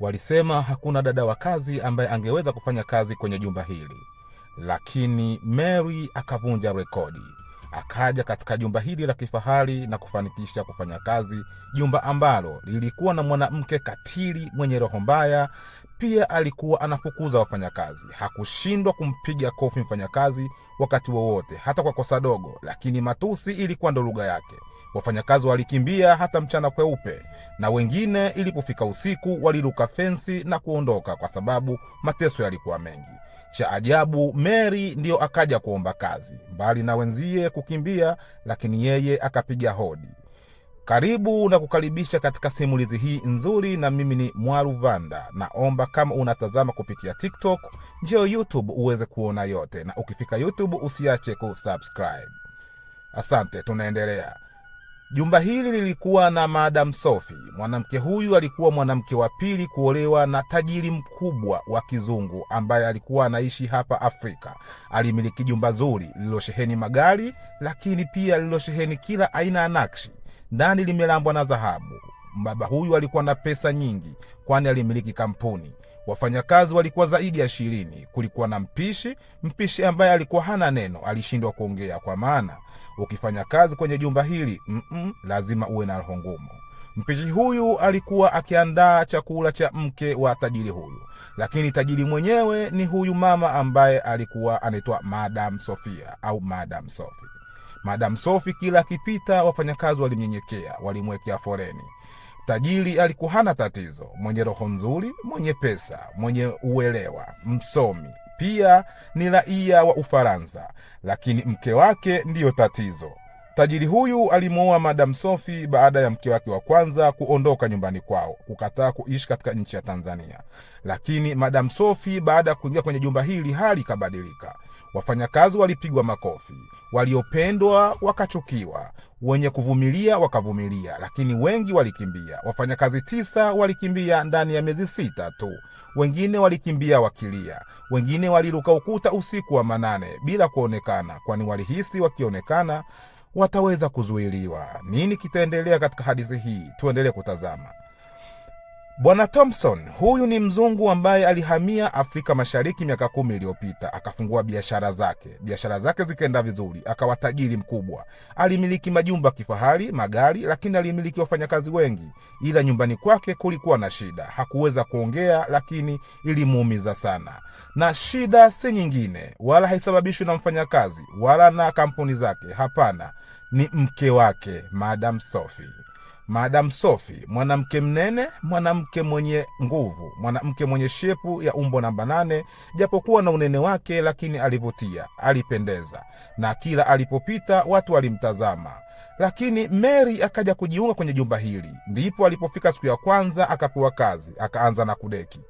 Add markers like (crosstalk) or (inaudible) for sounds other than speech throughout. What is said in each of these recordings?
Walisema hakuna dada wa kazi ambaye angeweza kufanya kazi kwenye jumba hili, lakini Mary akavunja rekodi, akaja katika jumba hili la kifahari na kufanikisha kufanya kazi, jumba ambalo lilikuwa na mwanamke katili mwenye roho mbaya. Pia alikuwa anafukuza wafanyakazi, hakushindwa kumpiga kofi mfanyakazi wakati wowote, hata kwa kosa dogo, lakini matusi ilikuwa ndo lugha yake. Wafanyakazi walikimbia hata mchana kweupe, na wengine ilipofika usiku waliruka fensi na kuondoka, kwa sababu mateso yalikuwa mengi. Cha ajabu, Mary ndiyo akaja kuomba kazi, mbali na wenzie kukimbia, lakini yeye akapiga hodi. Karibu na kukaribisha katika simulizi hii nzuri, na mimi ni Vanda. Naomba kama unatazama kupitia TikTok, njio YouTube uweze kuona yote, na ukifika YouTube usiache kusubscribe. Asante, tunaendelea. Jumba hili lilikuwa na Madam Sophie. Mwanamke huyu alikuwa mwanamke wa pili kuolewa na tajiri mkubwa wa kizungu ambaye alikuwa anaishi hapa Afrika. Alimiliki jumba zuri lililosheheni magari, lakini pia lililosheheni kila aina ya nakshi. Ndani limelambwa na dhahabu. Mbaba huyu alikuwa na pesa nyingi, kwani alimiliki kampuni. Wafanyakazi walikuwa zaidi ya ishirini. Kulikuwa na mpishi, mpishi ambaye alikuwa hana neno, alishindwa kuongea, kwa maana ukifanya kazi kwenye jumba hili mm -mm, lazima uwe na roho ngumu. Mpishi huyu alikuwa akiandaa chakula cha mke wa tajiri huyu, lakini tajiri mwenyewe ni huyu mama ambaye alikuwa anaitwa Madam Sofia au Madam Sofi. Madam Sofi kila akipita, wafanyakazi walimnyenyekea, walimwekea foreni. Tajiri alikuwa hana tatizo, mwenye roho nzuri, mwenye pesa, mwenye uelewa, msomi, pia ni raia wa Ufaransa, lakini mke wake ndiyo tatizo. Tajiri huyu alimwoa Madam sofi baada ya mke wake wa kwanza kuondoka nyumbani kwao, kukataa kuishi katika nchi ya Tanzania. Lakini Madam sofi baada ya kuingia kwenye jumba hili, hali ikabadilika. Wafanyakazi walipigwa makofi, waliopendwa wakachukiwa, wenye kuvumilia wakavumilia, lakini wengi walikimbia. Wafanyakazi tisa walikimbia ndani ya miezi sita tu. Wengine walikimbia wakilia, wengine waliruka ukuta usiku wa manane bila kuonekana, kwani walihisi wakionekana wataweza kuzuiliwa. Nini kitaendelea katika hadithi hii? Tuendelee kutazama. Bwana Thompson huyu ni mzungu ambaye alihamia Afrika Mashariki miaka kumi iliyopita akafungua biashara zake. Biashara zake zikaenda vizuri, akawa tajiri mkubwa. Alimiliki majumba kifahari, magari, lakini alimiliki wafanyakazi wengi, ila nyumbani kwake kulikuwa na shida. Hakuweza kuongea, lakini ilimuumiza sana, na shida si nyingine wala haisababishwi na mfanyakazi wala na kampuni zake. Hapana, ni mke wake Madam Sophie. Madam sofi mwanamke mnene, mwanamke mwenye nguvu, mwanamke mwenye shepu ya umbo namba nane. Japokuwa na unene wake, lakini alivutia, alipendeza, na kila alipopita watu walimtazama. Lakini Mary akaja kujiunga kwenye jumba hili. Ndipo alipofika siku ya kwanza, akapewa kazi, akaanza na kudeki.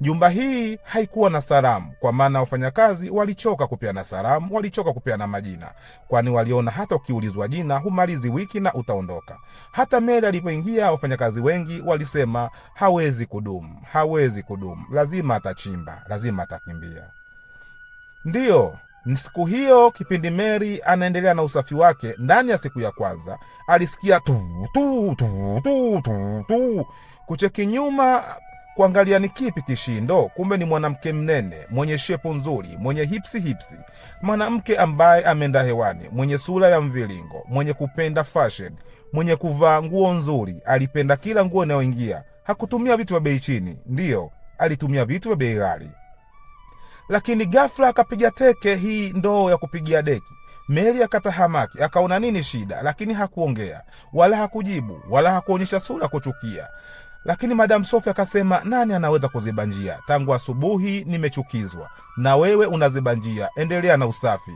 Jumba hii haikuwa na salamu, kwa maana wafanyakazi walichoka kupeana salamu, walichoka kupeana majina, kwani waliona hata ukiulizwa jina humalizi wiki na utaondoka. Hata meli alipoingia, wafanyakazi wengi walisema hawezi kudumu, hawezi kudumu, lazima atachimba, lazima atakimbia. Ndiyo, siku hiyo kipindi meri anaendelea na usafi wake, ndani ya siku ya kwanza alisikia tu tu tu tu tu tu kucheki nyuma kuangalia ni kipi kishindo. Kumbe ni mwanamke mnene mwenye shepu nzuri, mwenye hipsi hipsi, mwanamke ambaye ameenda hewani, mwenye sura ya mviringo, mwenye kupenda fashion, mwenye kuvaa nguo nzuri. Alipenda kila nguo inayoingia, hakutumia vitu vya bei chini, ndiyo alitumia vitu vya bei ghali. Lakini ghafla akapiga teke hii ndoo ya kupigia deki. Meri akatahamaki, akaona nini shida, lakini hakuongea wala hakujibu wala hakuonyesha sura kuchukia. Lakini Madam sofi akasema, nani anaweza kuziba njia? Tangu asubuhi nimechukizwa na wewe, unaziba njia, endelea na usafi,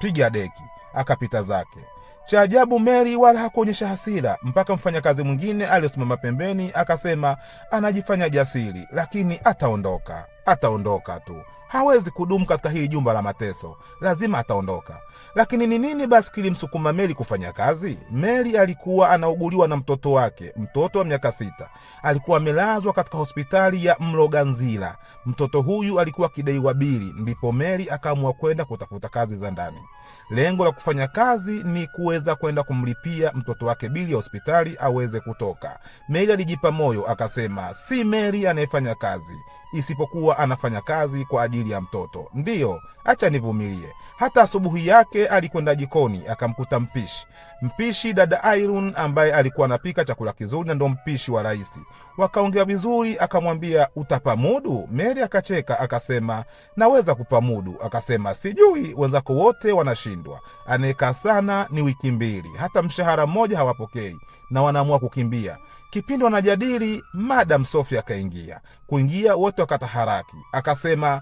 piga deki. Akapita zake. Cha ajabu, Meri wala hakuonyesha hasira mpaka mfanyakazi mwingine aliyosimama pembeni akasema, anajifanya jasiri, lakini ataondoka, ataondoka tu hawezi kudumu katika hili jumba la mateso, lazima ataondoka. Lakini ni nini basi kilimsukuma Meli kufanya kazi? Meli alikuwa anauguliwa na mtoto wake, mtoto wa miaka sita. Alikuwa amelazwa katika hospitali ya Mloganzila. Mtoto huyu alikuwa akidaiwa bili, ndipo Meli akaamua kwenda kutafuta kazi za ndani. Lengo la kufanya kazi ni kuweza kwenda kumlipia mtoto wake bili ya hospitali aweze kutoka. Mary alijipa moyo akasema, si Mary anayefanya kazi, isipokuwa anafanya kazi kwa ajili ya mtoto. Ndiyo, acha nivumilie. Hata asubuhi yake alikwenda jikoni akamkuta mpishi. Mpishi dada Irene ambaye alikuwa anapika chakula kizuri na ndo mpishi wa rais. Wakaongea vizuri, akamwambia utapamudu? meri akacheka akasema naweza kupamudu. Akasema sijui, wenzako wote wanashindwa, anayekaa sana ni wiki mbili, hata mshahara mmoja hawapokei na wanaamua kukimbia. Kipindi wanajadili, Madam Sophie akaingia. Kuingia wote wakataharaki, akasema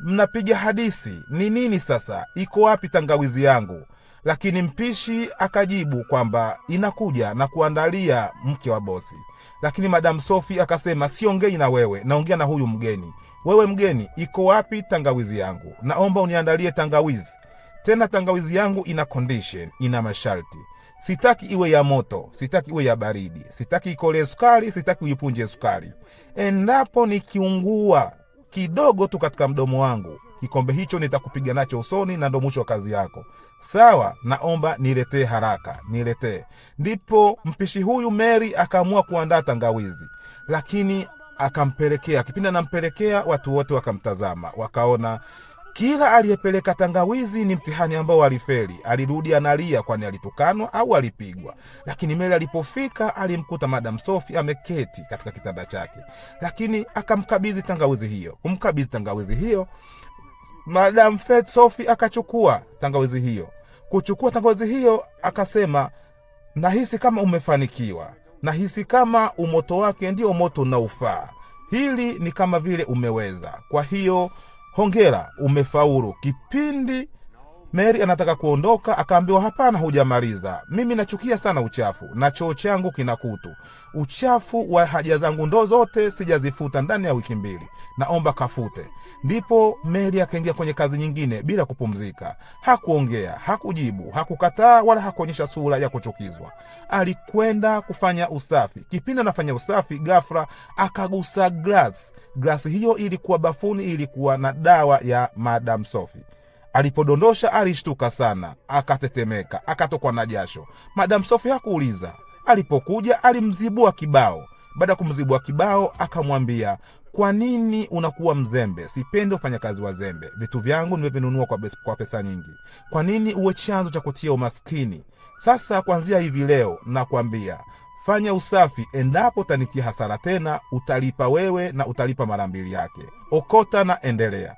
mnapiga hadithi ni nini sasa, iko wapi tangawizi yangu? Lakini mpishi akajibu kwamba inakuja na kuandalia mke wa bosi. Lakini madamu sofi akasema siongei na wewe, naongea na huyu mgeni. Wewe mgeni, iko wapi tangawizi yangu? Naomba uniandalie tangawizi. Tena tangawizi yangu ina condition, ina masharti. Sitaki iwe ya moto, sitaki iwe ya baridi, sitaki ikolee sukari, sitaki uipunje sukari. Endapo nikiungua kidogo tu katika mdomo wangu, kikombe hicho nitakupiga nacho usoni, na ndo mwisho wa kazi yako. Sawa, naomba niletee haraka, niletee. Ndipo mpishi huyu Mary akaamua kuandaa tangawizi, lakini akampelekea. Kipindi anampelekea, watu wote wakamtazama, wakaona kila aliyepeleka tangawizi ni mtihani ambao alifeli. Alirudi analia, kwani alitukanwa au alipigwa. Lakini Meli alipofika alimkuta Madam Sofi ameketi katika kitanda chake, lakini akamkabidhi tangawizi hiyo. Kumkabidhi tangawizi hiyo, Madam Sofi akachukua tangawizi hiyo. Kuchukua tangawizi hiyo, akasema nahisi kama umefanikiwa, nahisi kama umoto wake ndio moto unaofaa, hili ni kama vile umeweza. Kwa hiyo hongera, umefaulu. Kipindi Mary anataka kuondoka, akaambiwa hapana, hujamaliza. Mimi nachukia sana uchafu na choo changu kina kutu. Uchafu wa haja zangu ndo zote sijazifuta ndani ya wiki mbili, naomba kafute. Ndipo Mary akaingia kwenye kazi nyingine bila kupumzika. Hakuongea, hakujibu, hakukataa wala hakuonyesha sura ya kuchukizwa. Alikwenda kufanya usafi. Kipindi anafanya usafi, ghafla akagusa glasi. Glasi hiyo ilikuwa bafuni, ilikuwa na dawa ya Madam Sophie. Alipodondosha alishtuka sana, akatetemeka, akatokwa na jasho. Madam Sofi hakuuliza. Alipokuja alimzibua kibao. Baada ya kumzibua kibao, akamwambia kwa nini unakuwa mzembe? Sipendi ufanyakazi wa zembe, Vitu vyangu nimevinunua kwa, kwa pesa nyingi. Kwa nini uwe chanzo cha kutia umaskini? Sasa kuanzia hivi leo nakwambia, fanya usafi. Endapo utanitia hasara tena, utalipa wewe na utalipa mara mbili yake. Okota na endelea.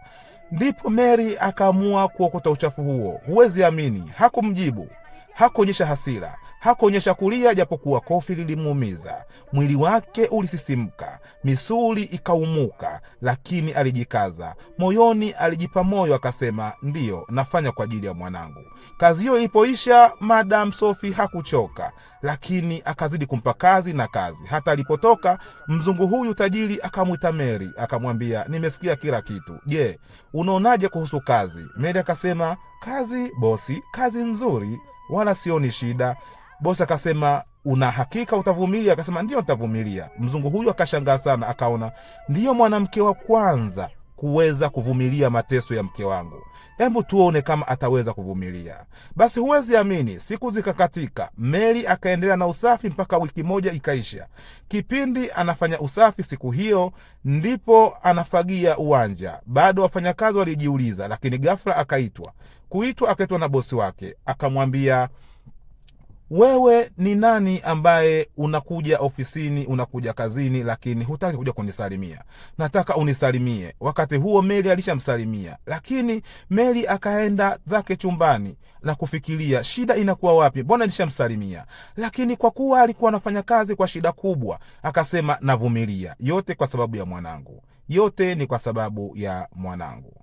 Ndipo Mary akaamua kuokota uchafu huo. Huwezi amini, hakumjibu, hakuonyesha hasira, Hakuonyesha kulia japokuwa kofi lilimuumiza. Mwili wake ulisisimka, misuli ikaumuka, lakini alijikaza. Moyoni alijipa moyo, akasema ndiyo, nafanya kwa ajili ya mwanangu. Kazi hiyo ilipoisha, Madam Sofi hakuchoka, lakini akazidi kumpa kazi na kazi. Hata alipotoka, mzungu huyu tajiri akamwita meri akamwambia nimesikia kila kitu, je, unaonaje kuhusu kazi? meri akasema kazi bosi, kazi nzuri, wala sioni shida Bosi akasema una hakika utavumilia? Akasema ndio, nitavumilia. Mzungu huyu akashangaa sana, akaona ndiyo mwanamke wa kwanza kuweza kuvumilia mateso ya mke wangu. Hebu tuone kama ataweza kuvumilia. Basi huwezi amini, siku zikakatika. Meli akaendelea na usafi mpaka wiki moja ikaisha. Kipindi anafanya usafi siku hiyo, ndipo anafagia uwanja. Bado wafanyakazi walijiuliza, lakini ghafla akaitwa. Kuitwa akaitwa na bosi wake, akamwambia wewe ni nani ambaye unakuja ofisini, unakuja kazini, lakini hutaki kuja kunisalimia? Nataka unisalimie. Wakati huo Meli alishamsalimia, lakini Meli akaenda zake chumbani na kufikiria shida inakuwa wapi, mbona nishamsalimia? Lakini kwa kuwa alikuwa anafanya kazi kwa shida kubwa, akasema navumilia yote kwa sababu ya mwanangu, yote ni kwa sababu ya mwanangu.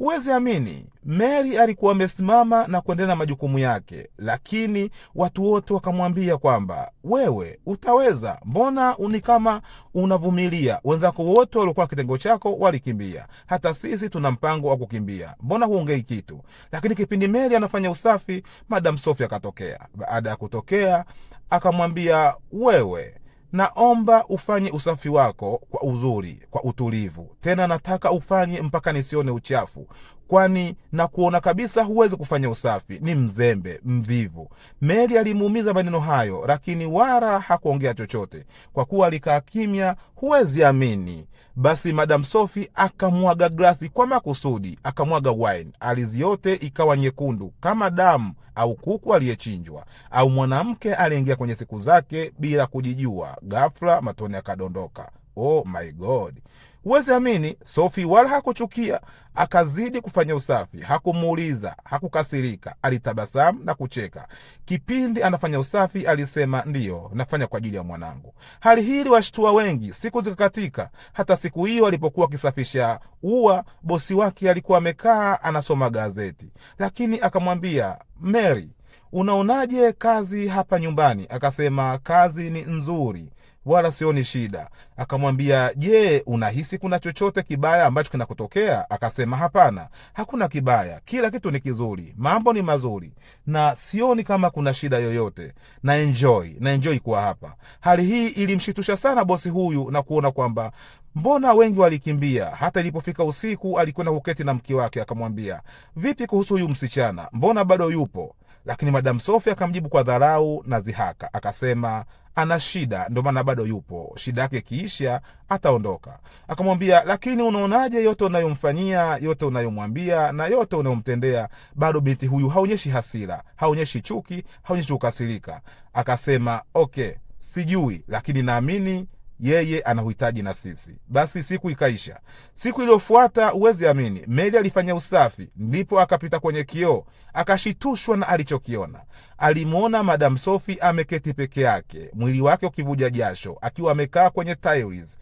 Huwezi amini, Mary alikuwa amesimama na kuendelea na majukumu yake, lakini watu wote wakamwambia kwamba wewe utaweza, mbona ni kama unavumilia? Wenzako wote waliokuwa kitengo chako walikimbia, hata sisi tuna mpango wa kukimbia, mbona huongei kitu? Lakini kipindi Mary anafanya usafi, Madam Sophie akatokea. Baada ya kutokea, akamwambia wewe naomba ufanye usafi wako kwa uzuri, kwa utulivu, tena nataka ufanye mpaka nisione uchafu, kwani na kuona kabisa huwezi kufanya usafi, ni mzembe, mvivu. Meli alimuumiza maneno hayo, lakini wala hakuongea chochote kwa kuwa alikaa kimya. Huwezi amini. Basi Madam Sofi akamwaga glasi kwa makusudi, akamwaga wine, alizi yote ikawa nyekundu kama damu, au kuku aliyechinjwa, au mwanamke aliingia kwenye siku zake bila kujijua. Ghafla matone akadondoka. Oh my God! Huwezi amini, Sophie wala hakuchukia, akazidi kufanya usafi. Hakumuuliza, hakukasirika, alitabasamu na kucheka. Kipindi anafanya usafi, alisema ndiyo, nafanya kwa ajili ya mwanangu. Hali hii iliwashtua wengi, siku zikakatika. Hata siku hiyo alipokuwa akisafisha ua, bosi wake alikuwa amekaa anasoma gazeti, lakini akamwambia Mary, unaonaje kazi hapa nyumbani? Akasema kazi ni nzuri wala sioni shida. Akamwambia, je, unahisi kuna chochote kibaya ambacho kinakutokea? Akasema, hapana, hakuna kibaya, kila kitu ni kizuri, mambo ni mazuri na sioni kama kuna shida yoyote, na enjoy, na enjoy kuwa hapa. Hali hii ilimshitusha sana bosi huyu na kuona kwamba mbona wengi walikimbia. Hata ilipofika usiku, alikwenda kuketi na mke wake, akamwambia, vipi kuhusu huyu msichana, mbona bado yupo? Lakini madamu Sofi akamjibu kwa dharau na dhihaka, akasema ana shida, ndio maana bado yupo. Shida yake ikiisha ataondoka. Akamwambia, lakini unaonaje yote unayomfanyia, yote unayomwambia na yote unayomtendea, bado binti huyu haonyeshi hasira, haonyeshi chuki, haonyeshi kukasirika. Akasema okay, sijui, lakini naamini yeye anahuhitaji na sisi. Basi siku ikaisha. Siku iliyofuata, huwezi amini, Meli alifanya usafi, ndipo akapita kwenye kioo, akashitushwa na alichokiona. Alimwona Madam Sophie ameketi peke yake, mwili wake ukivuja jasho, akiwa amekaa kwenye tiles.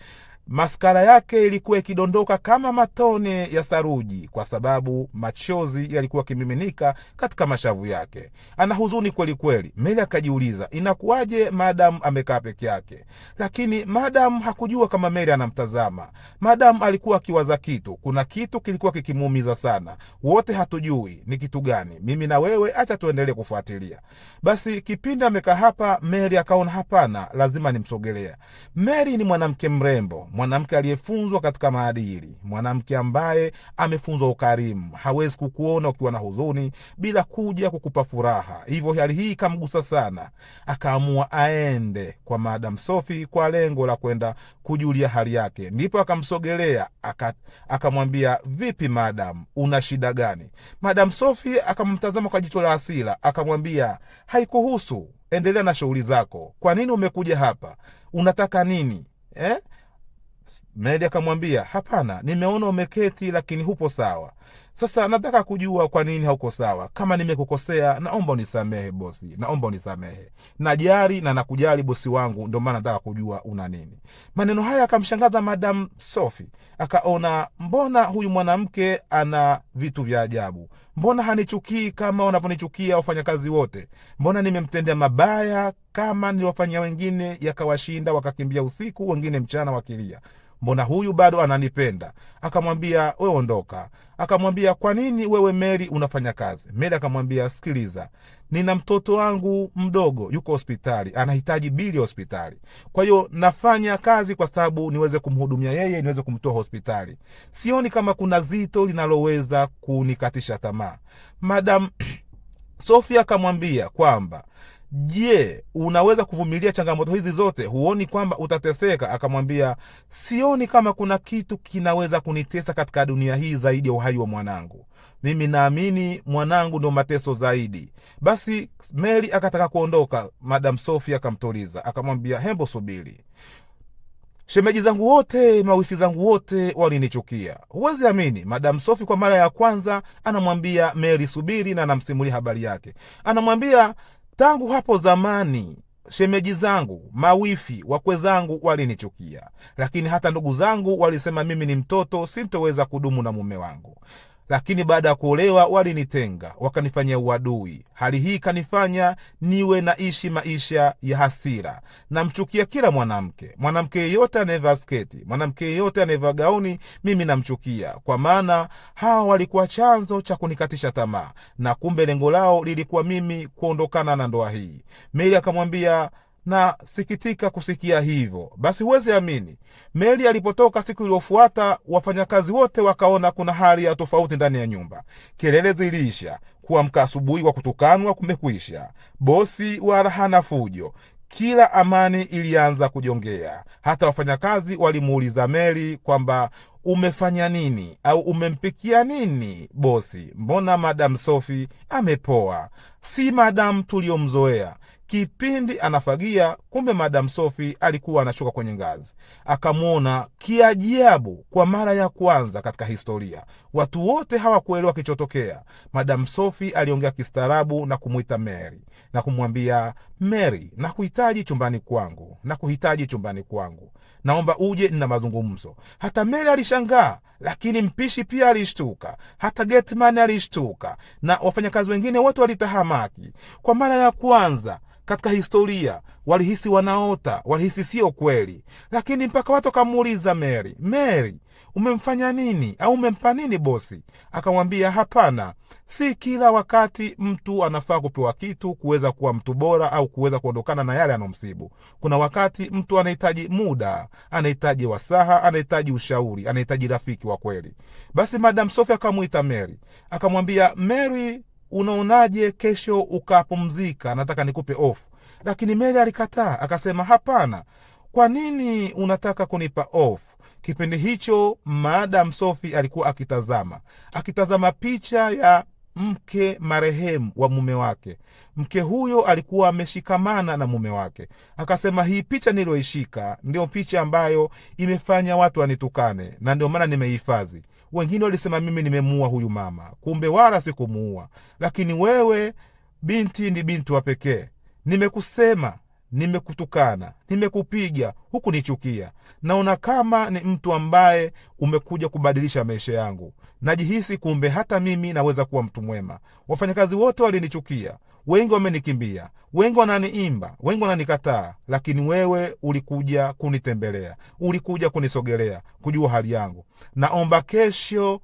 Maskara yake ilikuwa ikidondoka kama matone ya saruji, kwa sababu machozi yalikuwa yakimiminika katika mashavu yake. Ana huzuni kweli kweli. Meli akajiuliza inakuwaje madamu amekaa peke yake, lakini madamu hakujua kama Meli anamtazama. Madamu alikuwa akiwaza kitu, kuna kitu kilikuwa kikimuumiza sana. Wote hatujui ni kitu gani. Mimi na wewe, acha tuendelee kufuatilia. Basi kipindi amekaa hapa, Meli akaona hapana, lazima nimsogelea. Meli ni mwanamke mrembo mwanamke aliyefunzwa katika maadili, mwanamke ambaye amefunzwa ukarimu. Hawezi kukuona ukiwa na huzuni bila kuja kukupa furaha. Hivyo hali hii ikamgusa sana, akaamua aende kwa Madam sofi kwa lengo la kwenda kujulia hali yake. Ndipo akamsogelea akamwambia, vipi madam, una shida gani? Madam Sofi akamtazama kwa jicho la hasira, akamwambia, haikuhusu, endelea na shughuli zako. Kwa nini umekuja hapa? Unataka nini eh? Mnadi akamwambia, hapana, nimeona umeketi, lakini hupo sawa. Sasa nataka kujua kwa nini hauko sawa. Kama nimekukosea, naomba unisamehe bosi, naomba unisamehe. Najari na nakujali bosi wangu, ndio maana nataka kujua una nini. Maneno haya akamshangaza Madam Sophie, akaona mbona huyu mwanamke ana vitu vya ajabu. Mbona hanichukii kama wanavyonichukia wafanyakazi wote? Mbona nimemtendea mabaya kama niliwafanyia wengine, yakawashinda wakakimbia usiku, wengine mchana wakilia mbona huyu bado ananipenda? Akamwambia we ondoka. Akamwambia kwa nini wewe Meri unafanya kazi? Meri akamwambia sikiliza, nina mtoto wangu mdogo yuko hospitali, anahitaji bili ya hospitali. Kwa hiyo nafanya kazi kwa sababu niweze kumhudumia yeye, niweze kumtoa hospitali. Sioni kama kuna zito linaloweza kunikatisha tamaa. Madam (clears throat) Sofia akamwambia kwamba Je, unaweza kuvumilia changamoto hizi zote? Huoni kwamba utateseka? Akamwambia, sioni kama kuna kitu kinaweza kunitesa katika dunia hii zaidi ya uhai wa mwanangu. Mimi naamini mwanangu ndio mateso zaidi. Basi Meli akataka kuondoka, Madam Sofi akamtuliza, akamwambia, hembo subiri Shemeji zangu wote, mawifi zangu wote walinichukia. Huwezi amini, Madam Sofi kwa mara ya kwanza anamwambia Meri subiri, na anamsimulia habari yake. Anamwambia Tangu hapo zamani shemeji zangu, mawifi, wakwe zangu walinichukia, lakini hata ndugu zangu walisema mimi ni mtoto, sintoweza kudumu na mume wangu lakini baada ya kuolewa walinitenga, wakanifanyia uadui. Hali hii ikanifanya niwe naishi maisha ya hasira. Namchukia kila mwanamke, mwanamke yeyote anayevaa sketi, mwanamke yeyote anayevaa gauni, mimi namchukia, kwa maana hawa walikuwa chanzo cha kunikatisha tamaa, na kumbe lengo lao lilikuwa mimi kuondokana na ndoa hii. Meli akamwambia Nasikitika kusikia hivyo. Basi huwezi amini, meli alipotoka siku iliyofuata, wafanyakazi wote wakaona kuna hali ya tofauti ndani ya nyumba. Kelele ziliisha, kuamka asubuhi kwa kutukanwa kumekwisha, bosi wala hana fujo. Kila amani ilianza kujongea. Hata wafanyakazi walimuuliza Meli kwamba umefanya nini au umempikia nini bosi? Mbona madamu Sofi amepoa? Si madamu tuliyomzoea. Kipindi anafagia, kumbe Madam Sofi alikuwa anashuka kwenye ngazi, akamwona kiajabu kwa mara ya kwanza katika historia. Watu wote hawakuelewa kilichotokea. Madam Sofi aliongea kistaarabu na kumwita Mary na kumwambia Mary, nakuhitaji chumbani kwangu, nakuhitaji chumbani kwangu, naomba uje, nina mazungumzo. Hata Mary alishangaa, lakini mpishi pia alishtuka, hata Getman alishtuka na wafanyakazi wengine wote walitahamaki. Kwa mara ya kwanza katika historia walihisi wanaota, walihisi sio kweli, lakini mpaka watu akamuuliza Meri, Meri, umemfanya nini au umempa nini bosi? Akamwambia hapana, si kila wakati mtu anafaa kupewa kitu kuweza kuwa mtu bora au kuweza kuondokana na yale anomsibu. Kuna wakati mtu anahitaji muda, anahitaji wasaha, anahitaji ushauri, anahitaji rafiki wa kweli. Basi Madam Sofi akamwita Meri akamwambia, Meri, unaonaje kesho ukapumzika, nataka nikupe ofu Lakini meli alikataa, akasema hapana, kwa nini unataka kunipa of Kipindi hicho Madam sofi alikuwa akitazama akitazama picha ya mke marehemu wa mume wake. Mke huyo alikuwa ameshikamana na mume wake, akasema hii picha niliyoishika ndio picha ambayo imefanya watu wanitukane na ndio maana nimehifadhi. Wengine walisema mimi nimemuua huyu mama, kumbe wala sikumuua. Lakini wewe binti ni binti wa pekee, nimekusema nimekutukana, nimekupiga, huku nichukia. Naona kama ni mtu ambaye umekuja kubadilisha maisha yangu. Najihisi kumbe hata mimi naweza kuwa mtu mwema. Wafanyakazi wote walinichukia, Wengi wamenikimbia, wengi wananiimba, wengi wananikataa, lakini wewe ulikuja kunitembelea, ulikuja kunisogelea, kujua hali yangu. Naomba kesho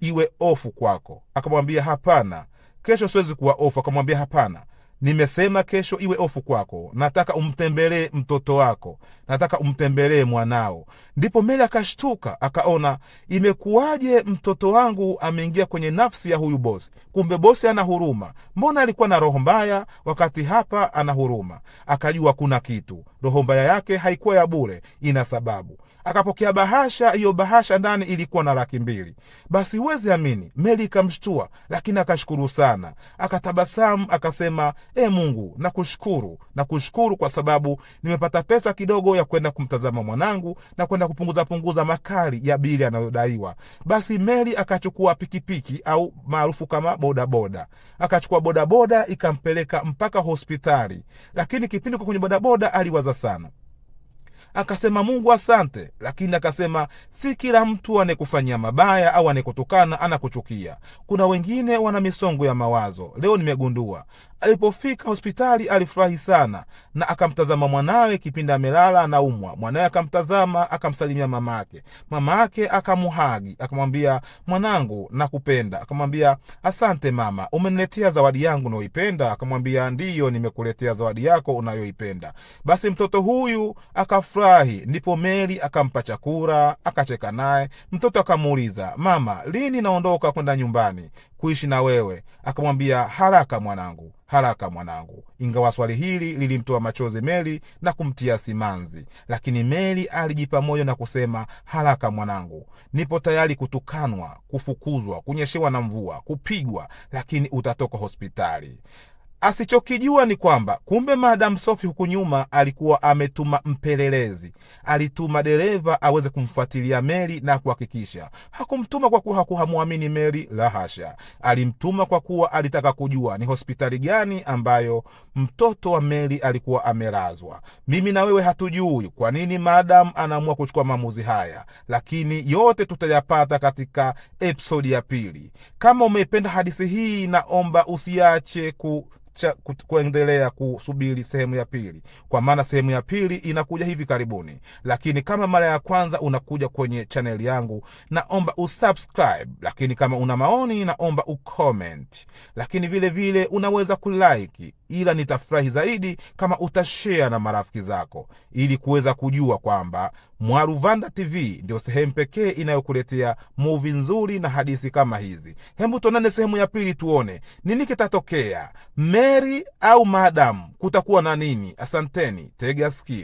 iwe ofu kwako. Akamwambia hapana, kesho siwezi kuwa ofu. Akamwambia hapana, Nimesema kesho iwe ofu kwako, nataka umtembelee mtoto wako, nataka umtembelee mwanao. Ndipo Meli akashtuka, akaona imekuwaje, mtoto wangu ameingia kwenye nafsi ya huyu bosi. Kumbe bosi ana huruma, mbona alikuwa na roho mbaya, wakati hapa ana huruma. Akajua kuna kitu, roho mbaya yake haikuwa ya bure, ina sababu akapokea bahasha. Hiyo bahasha ndani ilikuwa na laki mbili. Basi huwezi amini, meli ikamshtua, lakini akashukuru sana, akatabasamu, akasema e, Mungu nakushukuru, nakushukuru kwa sababu nimepata pesa kidogo ya kwenda kumtazama mwanangu na kwenda kupunguza punguza makali ya bili anayodaiwa. Basi meli akachukua pikipiki au maarufu kama bodaboda, akachukua bodaboda ikampeleka mpaka hospitali, lakini kipindi kwa kwenye bodaboda aliwaza sana akasema Mungu asante, lakini akasema si kila mtu anayekufanyia mabaya au anayekutukana anakuchukia. Kuna wengine wana misongo ya mawazo. Leo nimegundua Alipofika hospitali alifurahi sana, na akamtazama mwanawe kipindi amelala anaumwa. Mwanawe akamtazama akamsalimia mamake, mamake akamuhagi akamwambia, mwanangu, nakupenda. Akamwambia, asante mama, umeniletea zawadi yangu unayoipenda? Akamwambia, ndiyo, nimekuletea zawadi yako unayoipenda. Basi mtoto huyu akafurahi. Ndipo Meli akampa chakula, akacheka naye. Mtoto akamuuliza, mama, lini naondoka kwenda nyumbani? kuishi na wewe. Akamwambia, haraka mwanangu, haraka mwanangu. Ingawa swali hili lilimtoa machozi Meli na kumtia simanzi, lakini Meli alijipa moyo na kusema, haraka mwanangu, nipo tayari kutukanwa, kufukuzwa, kunyeshewa na mvua, kupigwa, lakini utatoka hospitali asichokijua ni kwamba kumbe Madam Sophie huku nyuma alikuwa ametuma mpelelezi, alituma dereva aweze kumfuatilia meli na kuhakikisha. Hakumtuma kwa kuwa hakuhamwamini meli la hasha, alimtuma kwa kuwa alitaka kujua ni hospitali gani ambayo mtoto wa meli alikuwa amelazwa. Mimi na wewe hatujui kwa nini Madam anaamua kuchukua maamuzi haya, lakini yote tutayapata katika episodi ya pili. Kama umeipenda hadithi hii, naomba usiache ku cha kuendelea kusubiri sehemu ya pili, kwa maana sehemu ya pili inakuja hivi karibuni. Lakini kama mara ya kwanza unakuja kwenye chaneli yangu, naomba usubscribe. Lakini kama una maoni, naomba ucomment. Lakini vilevile vile unaweza kulike ila nitafurahi zaidi kama utashea na marafiki zako ili kuweza kujua kwamba mwaruvanda TV ndio sehemu pekee inayokuletea muvi nzuri na hadisi kama hizi. Hebu tuonane sehemu ya pili, tuone nini kitatokea, meri au madamu, kutakuwa na nini? Asanteni, tega sikio.